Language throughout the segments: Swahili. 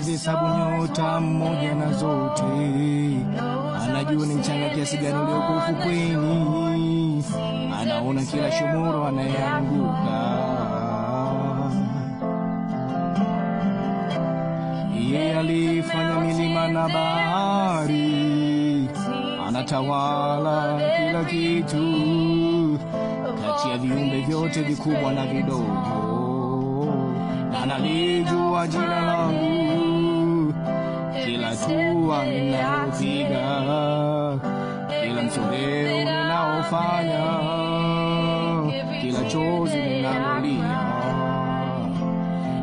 anazihesabu nyota mmoja na zote, anajua ni mchanga kiasi gani ulioko ufukweni, anaona kila shomoro anayeanguka. Yeye alifanya milima na bahari, anatawala kila kitu kati ya viumbe vyote vikubwa na vidogo, na nalijua jina langu kila hatua ninayopiga, kila msogeo ninaofanya, kila chozi ninalolia,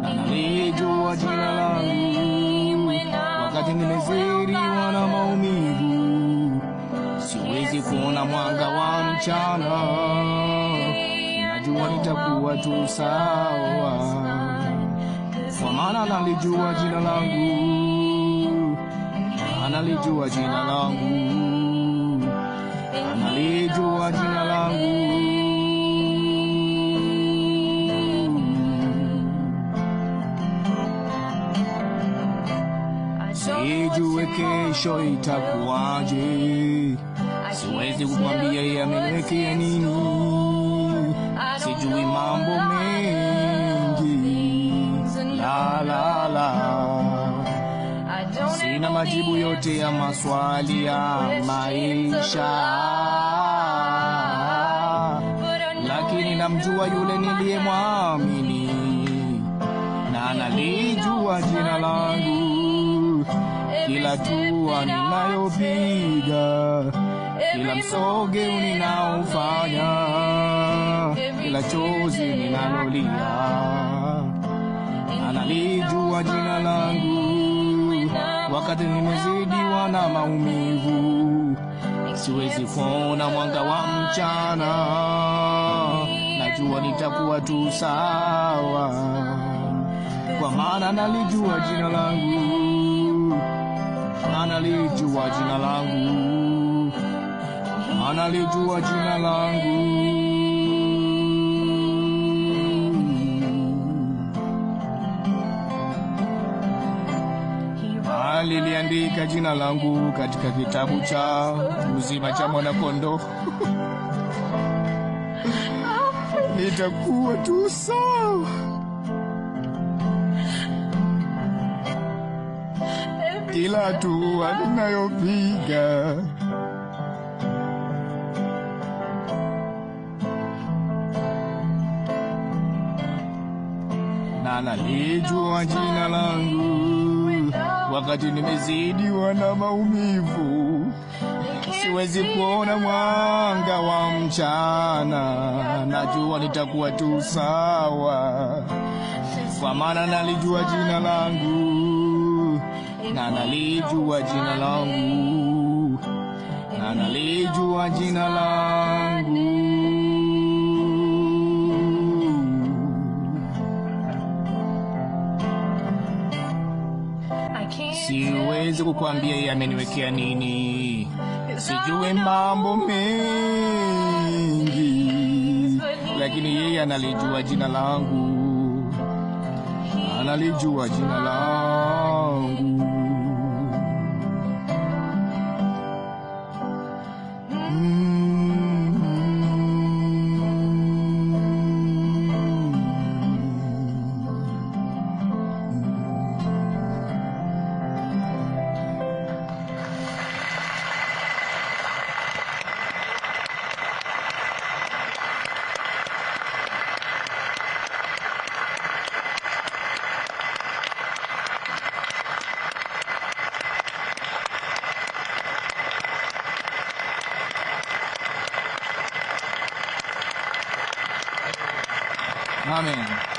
analijua jina langu. Wakati nimeziriwa na maumivu, siwezi kuona mwanga wa mchana, najua nitakuwa tu sawa, kwa maana nalijua jina langu analijua jina langu, analijua jina langu. Sijue kesho itakuwaje, siwezi kukwambia yeye nini, sijui ma majibu yote ya maswali ya maisha, lakini namjua yule niliyemwamini na nalijua jina langu, kila tua ninayopiga, kila msoge ninaofanya, kila chozi ninalolia, analijua jina langu wakati nimezidiwa na maumivu, siwezi kuona mwanga wa mchana, najua nitakuwa tu sawa, kwa maana nalijua jina langu, analijua jina langu, analijua jina langu aliandika jina langu katika kitabu cha uzima cha mwanakondoo. Nitakuwa tu sawa. Kila hatua ninayopiga na nalijua jina langu wakati nimezidiwa na maumivu, siwezi kuona mwanga wa mchana. Najua nitakuwa tu sawa, kwa maana nalijua jina langu na nalijua jina langu na nalijua jina langu Siwezi kukwambia yeye ameniwekea nini, sijui mambo mengi, lakini yeye analijua jina langu, analijua jina langu. アー